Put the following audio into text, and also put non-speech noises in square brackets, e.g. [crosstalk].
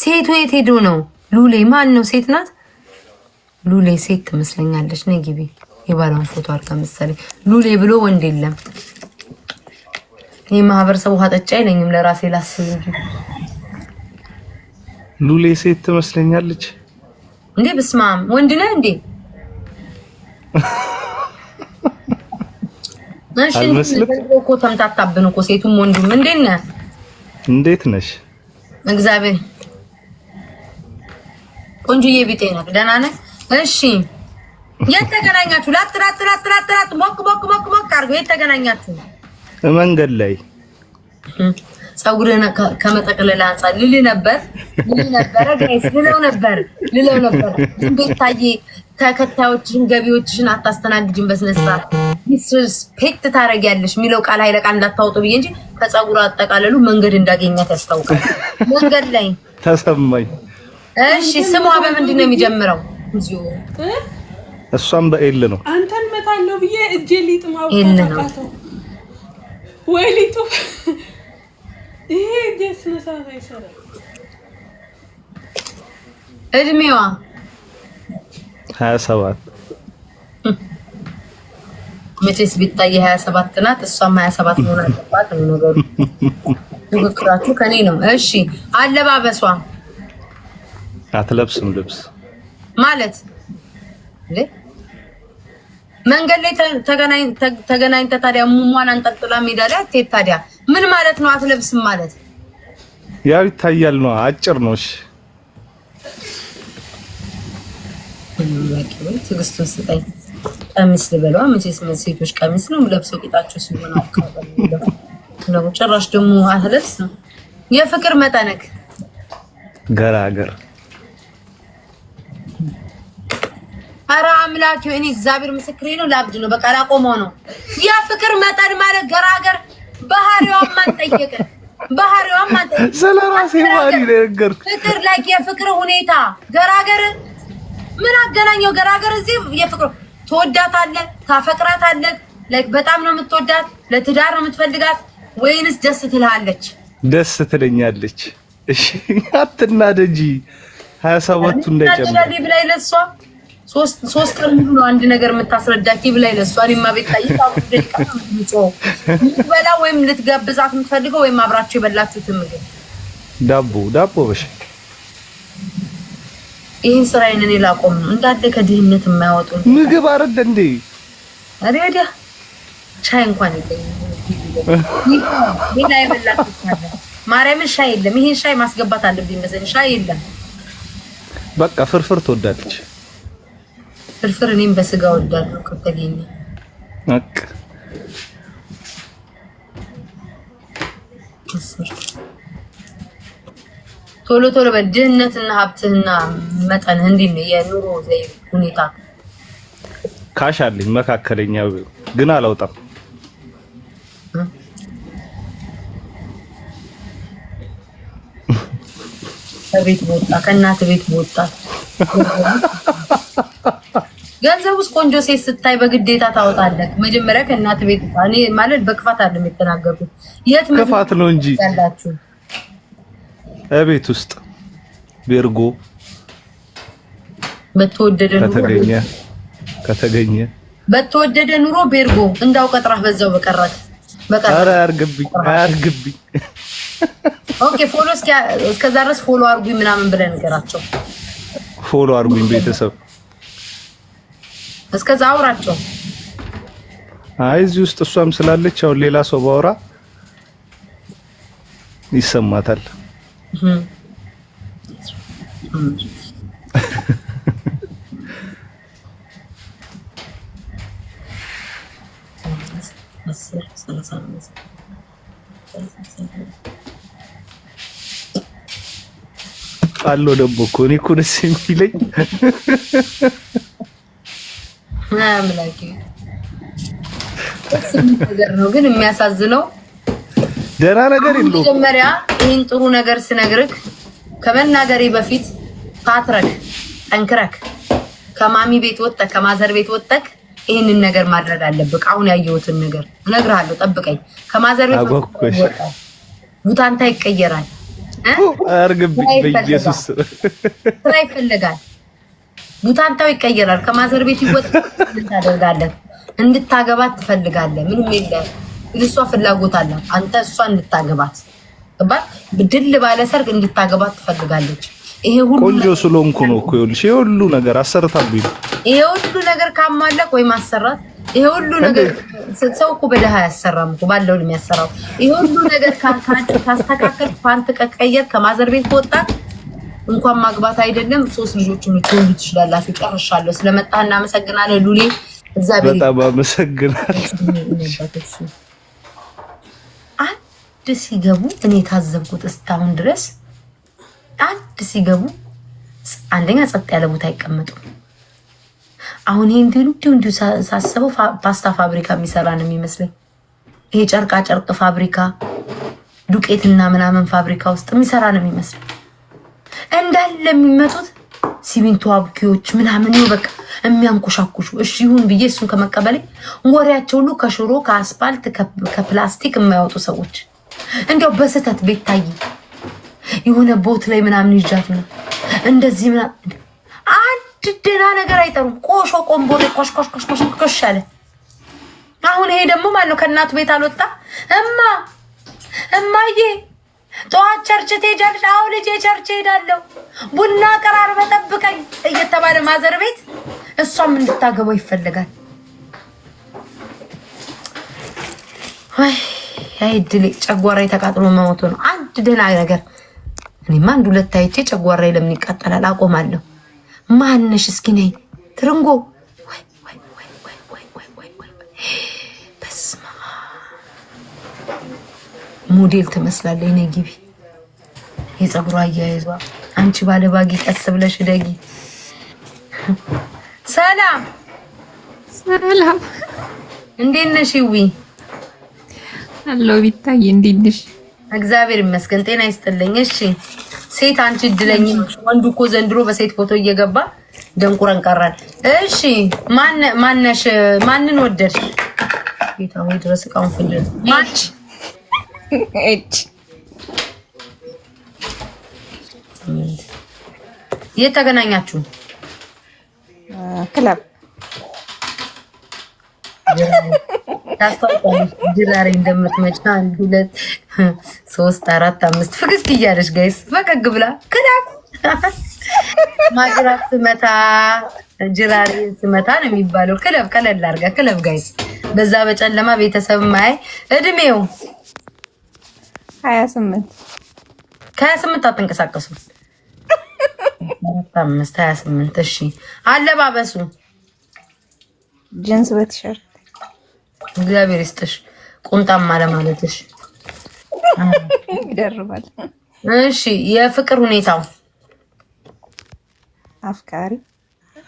ሴቱ የት ሄዶ ነው? ሉሌ ማን ነው? ሴት ናት ሉሌ። ሴት ትመስለኛለች። ነይ ግቢ። የባሏን ፎቶ አድርጋ መሰለኝ። ሉሌ ብሎ ወንድ የለም። ይህ ማህበረሰቡ ውሃ ጠጪ አይለኝም። ለራሴ ላስብ እንጂ ሉሌ ሴት ትመስለኛለች። እንዴ ብስማም ወንድ ነህ እንዴ? እኮ ተምታታብን እኮ ሴቱም ወንዱም። እንዴት ነህ? እንዴት ነሽ? እግዚአብሔር ቆንጆዬ ቢጤ ነው። ደህና ነህ? እሺ። የት ተገናኛችሁ? ላት ላት ላት ሞክ ላት ሞቅ ሞክ ሞቅ ሞቅ አድርገው። የት ተገናኛችሁ? መንገድ ላይ ፀጉርህን ከመጠቅለል አንፃር ልል ነበር ልልህ ነበረ ጋይስ ልለው ነበር ልለው ነበር። ቤታዬ ተከታዮችሽን ገቢዎችሽን አታስተናግጅም በስነ ዲስሪስፔክት ታደርጊያለሽ የሚለው ቃል ኃይለ ቃል እንዳታወጡ ብዬ እንጂ ከፀጉር አጠቃለሉ መንገድ እንዳገኛት ያስታውቃል። መንገድ ላይ ተሰማኝ። እሺ ስሟ በምንድን ነው የሚጀምረው? እሷም በኤል ነው። አንተን መታለው ብዬ እጄ ሊጥማው ወይ ሊጡ ይሄ እድሜዋ ሀያ ሰባት መቼስ ቢታይ ሀያ ሰባት ናት። እሷም ሀያ ሰባት መሆን አለባት ነው ነገሩ። ትክክራችሁ [laughs] ከኔ ነው። እሺ አለባበሷ አትለብስም ልብስ ማለት መንገድ ላይ ተገናኝተ ታዲያ ሙሟን አንጠልጥላ ሜዳ ላይ አትሄድ። ታዲያ ምን ማለት ነው? አትለብስም ማለት ያው ይታያል ነው፣ አጭር ነው። እሺ ትዕግስቱን ስጠኝ። ቀሚስ ልበሏ መቼስ ሴቶች ቀሚስ ነው ለብሰው ጌጣቸው ሲሆን ጭራሽ ደግሞ አትለብስም። የፍቅር መጠነክ ገራገር ኧረ አምላክ እኔ እግዚአብሔር ምስክሬ ነው። ላብድ ነው በቃ ላቆመው ነው። የፍቅር መጠን ማለት ገራገር ባህሪዋን ማንጠየቅ ባህሪዋን ማንጠየቅ ስለ ራሴ ባህሪ ነገር ፍቅር ላይ የፍቅር ሁኔታ ገራገር ምን አገናኘው? ገራገር እዚህ የፍቅር ትወዳታለህ፣ ታፈቅራታለህ፣ በጣም ነው የምትወዳት፣ ለትዳር ነው የምትፈልጋት ወይንስ ደስ ትልሃለች? ደስ ትለኛለች። እሺ አትናደጂ። ሀያ ሰባቱ እንዳይጨምር ብላይ ለሷ ሶስት ቀን ሙሉ ነው አንድ ነገር የምታስረዳት ብላይ ለእሷ እኔማ ቤት ጠይቃ ልትበላ ወይም ልትጋብዛት የምትፈልገው ወይም አብራችሁ የበላችሁትን ምግብ ዳቦ ዳቦ በሽ ይህን ስራዬን እኔ ላቆም ነው እንዳለ ከድህነት የማያወጡ ምግብ አረደ እንዴ አዲያዳ ቻይ እንኳን የለኝም። ሌላ የበላችሁት ማርያምን ሻይ የለም። ይህን ሻይ ማስገባት አለብኝ መሰለኝ። ሻይ የለም። በቃ ፍርፍር ትወዳለች። ፍርፍር እኔም በስጋ ወዳለሁ ከተገኘ ቶሎ ቶሎ በድህነትና ሀብትህና መጠንህ እንዴት ነው? የኑሮ ዘይ ሁኔታ ካሽ አለኝ መካከለኛ ግን አላውጣም። ከቤት በወጣ ከእናት ቤት በወጣ [laughs] ገንዘብ ውስጥ ቆንጆ ሴት ስታይ በግዴታ ታወጣለህ። መጀመሪያ ከእናት ቤት እኔ ማለት በክፋት አለ የተናገርኩት የት ክፋት ነው እንጂ ያላችሁ ቤት ውስጥ ቤርጎ በተወደደ ኑሮ ከተገኘ ከተገኘ በተወደደ ኑሮ ቤርጎ እንዳው ቀጥራህ በዛው በቀራት በቀራት። ኧረ አርግብኝ አርግብኝ። ኦኬ ፎሎ እስከዛ ድረስ ፎሎ አርጉኝ ምናምን ብለህ ነገራቸው። ፎሎ አርጉኝ ቤተሰብ እስከዛ አውራቸው። አይ እዚህ ውስጥ እሷም ስላለች አሁን ሌላ ሰው ባውራ ይሰማታል። አሎ ደግሞ እኮ እኔ እኮ ደስ የሚለኝ ነገር ነው። ግን የሚያሳዝነው ደህና ነገር የለውም። መጀመሪያ ይህን ጥሩ ነገር ስነግርህ ከመናገሬ በፊት ፓትረክ ጠንክረክ ከማሚ ቤት ወጠክ ከማዘር ቤት ወጠክ ይህንን ነገር ማድረግ አለብህ። አሁን ያየሁትን ነገር እነግርሃለሁ። ጠብቀኝ። ከማዘር ቤት ቡታንታ ይቀየራል። አርግብኝ በኢየሱስ ስራ ይፈልጋል ቡታንታው ይቀየራል። ከማዘር ቤት ይወጣል። ታደርጋለህ፣ እንድታገባት ትፈልጋለህ። ምንም የለም። እሷ ፍላጎት አለ አንተ እሷ እንድታገባት ባል ድል ባለ ሰርግ እንድታገባት ትፈልጋለች። ይሄ ሁሉ ቆንጆ ስለሆንኩ ነው እኮ ይኸውልሽ፣ ይሄ ሁሉ ነገር አሰርታብኝ። ይሄ ሁሉ ነገር ካማለቅ ወይ ማሰራት ይሄ ሁሉ ነገር ሰው እኮ በደሃ አያሰራም እኮ ባለው የሚያሰራው። ይሄ ሁሉ ነገር ካስተካከል ፓንት ቀቀየር ከማዘር ቤት ከወጣት እንኳን ማግባት አይደለም ሶስት ልጆች ልትወልዱ ትችላላችሁ። ጨርሻለሁ። ስለመጣህ እናመሰግናለን ሉሌ። እግዚአብሔር በጣም አመሰግናለሁ። አንድ ሲገቡ እኔ የታዘብኩት እስካሁን ድረስ አንድ ሲገቡ አንደኛ ጸጥ ያለ ቦታ አይቀመጡም። አሁን ይህ እንዲሁ እንዲሁ እንዲሁ ሳስበው ፓስታ ፋብሪካ የሚሰራ ነው የሚመስለኝ። ይሄ ጨርቃ ጨርቅ ፋብሪካ ዱቄትና ምናምን ፋብሪካ ውስጥ የሚሰራ ነው የሚመስለኝ። እንዳለ የሚመጡት ሲሚንቶ አብኪዎች ምናምን ነው በቃ የሚያንኮሻኩሹ። እሺ ይሁን ብዬ እሱን ከመቀበሌ ወሬያቸው ሁሉ ከሽሮ ከአስፋልት ከፕላስቲክ የማያወጡ ሰዎች እንዲያው በስህተት ቤት ታይ የሆነ ቦት ላይ ምናምን ይዣት ነው እንደዚህ ምናምን አንድ ደህና ነገር አይጠሩም። ቆሾ ቆንቦሌ ቆሽቆሽቆሽቆሽ አለ። አሁን ይሄ ደግሞ ማነው ከእናቱ ቤት አልወጣ እማ እማዬ ጠዋት ቸርች ትሄጃለሽ? አዎ ልጄ ቸርች ሄዳለሁ፣ ቡና ቀራር በጠብቀኝ እየተባለ ማዘር ቤት እሷም እንድታገባው ይፈልጋል። ወይ አይድል ጨጓራ ተቃጥሎ መሞቱ ነው። አንድ ደህና ነገር እኔማ አንድ ሁለት አይቼ ጨጓራ ለምን ይቃጠላል? አቆማለሁ። ማነሽ እስኪ ነይ ትርንጎ ወይ ወይ ወይ ወይ ወይ ወይ ሞዴል ትመስላለች። ነ ግቢ የፀጉሯ አያይዟ አንቺ ባለባጊ ቀስ ብለሽ ደጊ። ሰላም ሰላም፣ እንዴት ነሽ? ይዊ አሎ ቢታይ እንዴት ነሽ? እግዚአብሔር ይመስገን ጤና ይስጥልኝ። እሺ ሴት አንቺ እድለኝ። ወንዱ እኮ ዘንድሮ በሴት ፎቶ እየገባ ደንቁረን ቀራል። እሺ ማን ማነሽ? ማንን ወደድሽ? ጌታ ሆይ ድረስ ቃውን ፍንድ የት ተገናኛችሁ? ክለብ ታስታውቃለች እንደምትመጪ አንድ ሁለት ሶስት አራት አምስት ፈገግ እያለች ጋይስ ፈገግ ብላ ክላብ ማጅራት ስመታ ጅራሪ ስመታ ነው የሚባለው። ክለብ ቀለል አድርጋ ክለብ ጋይስ። በዛ በጨለማ ቤተሰብ ማይ እድሜው ሀያ ስምንት ከሀያ ስምንት አትንቀሳቀሱም። አምስት ሀያ ስምንት እሺ። አለባበሱ ጅንስ በቲሸርት እግዚአብሔር ይስጥሽ። ቁምጣማ ለማለትሽ [laughs] ይደርባል። እሺ የፍቅር ሁኔታው አፍቃሪ